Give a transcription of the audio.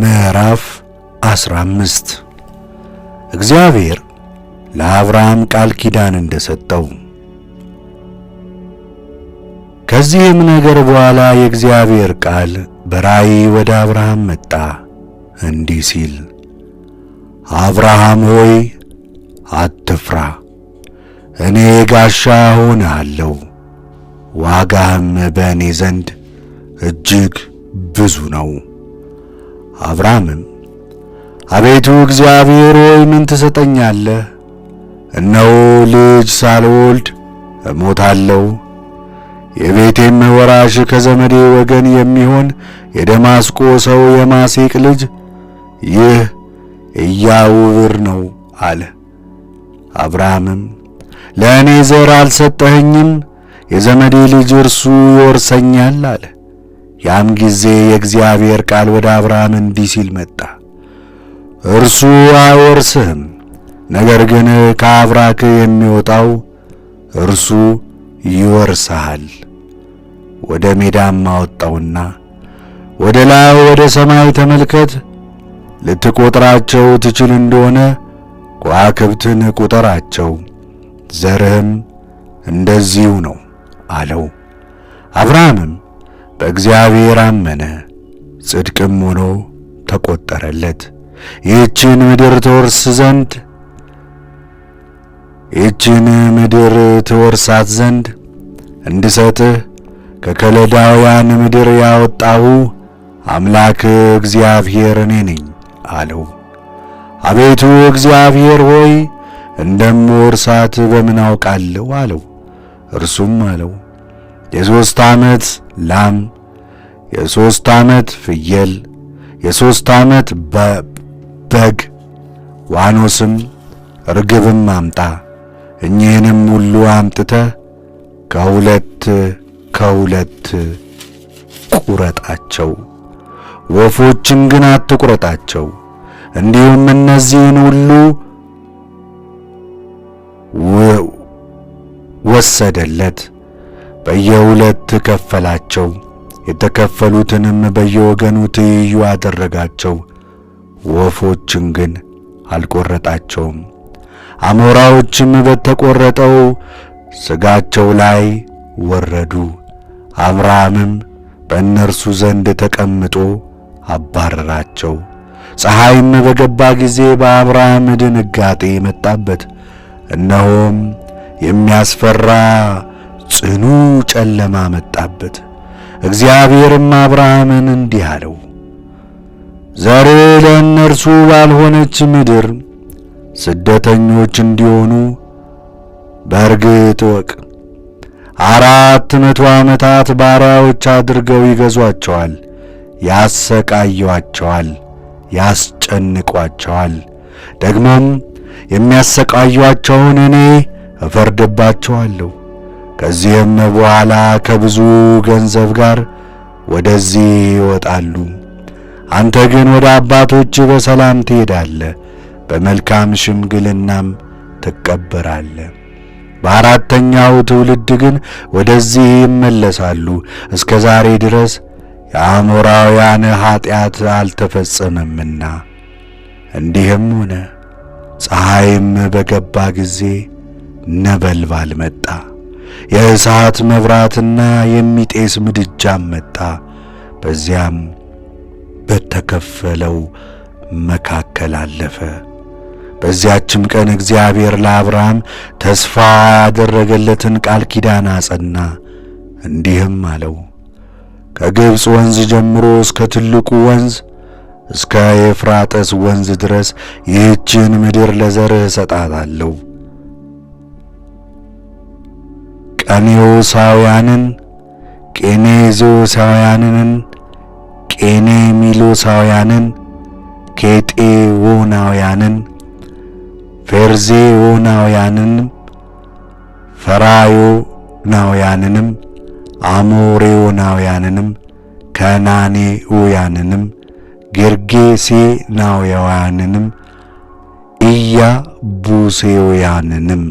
ምዕራፍ 15 እግዚአብሔር ለአብርሃም ቃል ኪዳን እንደሰጠው። ከዚህም ነገር በኋላ የእግዚአብሔር ቃል በራእይ ወደ አብርሃም መጣ እንዲህ ሲል፣ አብርሃም ሆይ አትፍራ፣ እኔ ጋሻ ሆንሃለሁ፣ ዋጋህም በእኔ ዘንድ እጅግ ብዙ ነው። አብርሃምም አቤቱ እግዚአብሔር ሆይ ምን ትሰጠኛለህ? እነሆ ልጅ ሳልወልድ እሞታለሁ። የቤቴም ወራሽ ከዘመዴ ወገን የሚሆን የደማስቆ ሰው የማሴቅ ልጅ ይህ ኢያዕር ነው አለ። አብርሃምም ለእኔ ዘር አልሰጠህኝም የዘመዴ ልጅ እርሱ ይወርሰኛል አለ። ያም ጊዜ የእግዚአብሔር ቃል ወደ አብርሃም እንዲህ ሲል መጣ። እርሱ አይወርስህም፣ ነገር ግን ከአብራክ የሚወጣው እርሱ ይወርስሃል። ወደ ሜዳም አወጣውና ወደ ላይ ወደ ሰማይ ተመልከት፣ ልትቆጥራቸው ትችል እንደሆነ ከዋክብትን ቁጠራቸው፣ ዘርህም እንደዚሁ ነው አለው። አብርሃምም በእግዚአብሔር አመነ፣ ጽድቅም ሆኖ ተቆጠረለት። ይህችን ምድር ትወርስ ዘንድ ይህችን ምድር ትወርሳት ዘንድ እንድሰጥህ ከከለዳውያን ምድር ያወጣሁ አምላክ እግዚአብሔር እኔ ነኝ አለው። አቤቱ እግዚአብሔር ሆይ እንደምወርሳት በምን አውቃለሁ? አለው። እርሱም አለው የሦስት ዓመት ላም የሦስት ዓመት ፍየል፣ የሦስት ዓመት በግ፣ ዋኖስም ርግብም አምጣ። እኚህንም ሁሉ አምጥተ ከሁለት ከሁለት ቁረጣቸው። ወፎችን ግን አትቁረጣቸው። እንዲሁም እነዚህን ሁሉ ወሰደለት፣ በየሁለት ከፈላቸው። የተከፈሉትንም በየወገኑ ትይዩ አደረጋቸው። ወፎችን ግን አልቆረጣቸውም። አሞራዎችም በተቆረጠው ሥጋቸው ላይ ወረዱ። አብርሃምም በእነርሱ ዘንድ ተቀምጦ አባረራቸው። ፀሐይም በገባ ጊዜ በአብርሃም ድንጋጤ መጣበት። እነሆም የሚያስፈራ ጽኑ ጨለማ መጣበት። እግዚአብሔርም አብርሃምን እንዲህ አለው፣ ዘር ለእነርሱ ባልሆነች ምድር ስደተኞች እንዲሆኑ በእርግጥ እወቅ። አራት መቶ ዓመታት ባሪያዎች አድርገው ይገዟቸዋል፣ ያሰቃዩአቸዋል፣ ያስጨንቋቸዋል። ደግሞም የሚያሰቃዩአቸውን እኔ እፈርድባቸዋለሁ። ከዚህም በኋላ ከብዙ ገንዘብ ጋር ወደዚህ ይወጣሉ። አንተ ግን ወደ አባቶች በሰላም ትሄዳለህ፣ በመልካም ሽምግልናም ትቀበራለህ። በአራተኛው ትውልድ ግን ወደዚህ ይመለሳሉ። እስከ ዛሬ ድረስ የአሞራውያን ኀጢአት አልተፈጸመምና። እንዲህም ሆነ፣ ፀሐይም በገባ ጊዜ ነበልባል መጣ። የእሳት መብራትና የሚጤስ ምድጃም መጣ። በዚያም በተከፈለው መካከል አለፈ። በዚያችም ቀን እግዚአብሔር ለአብርሃም ተስፋ ያደረገለትን ቃል ኪዳን አጸና። እንዲህም አለው፣ ከግብፅ ወንዝ ጀምሮ እስከ ትልቁ ወንዝ እስከ ኤፍራጠስ ወንዝ ድረስ ይህችን ምድር ለዘርህ እሰጣታለሁ። ቀኔዮሳውያንን፣ ቄኔዞሳውያንን፣ ቄኔ ኬጤዎናውያንን፣ ፌርዜዎናውያንን፣ ፈራዮናውያንንም፣ አሞሬዎናውያንንም፣ ከናኔውያንንም፣ ጌርጌሴናውያንንም ኢያቡሴውያንንም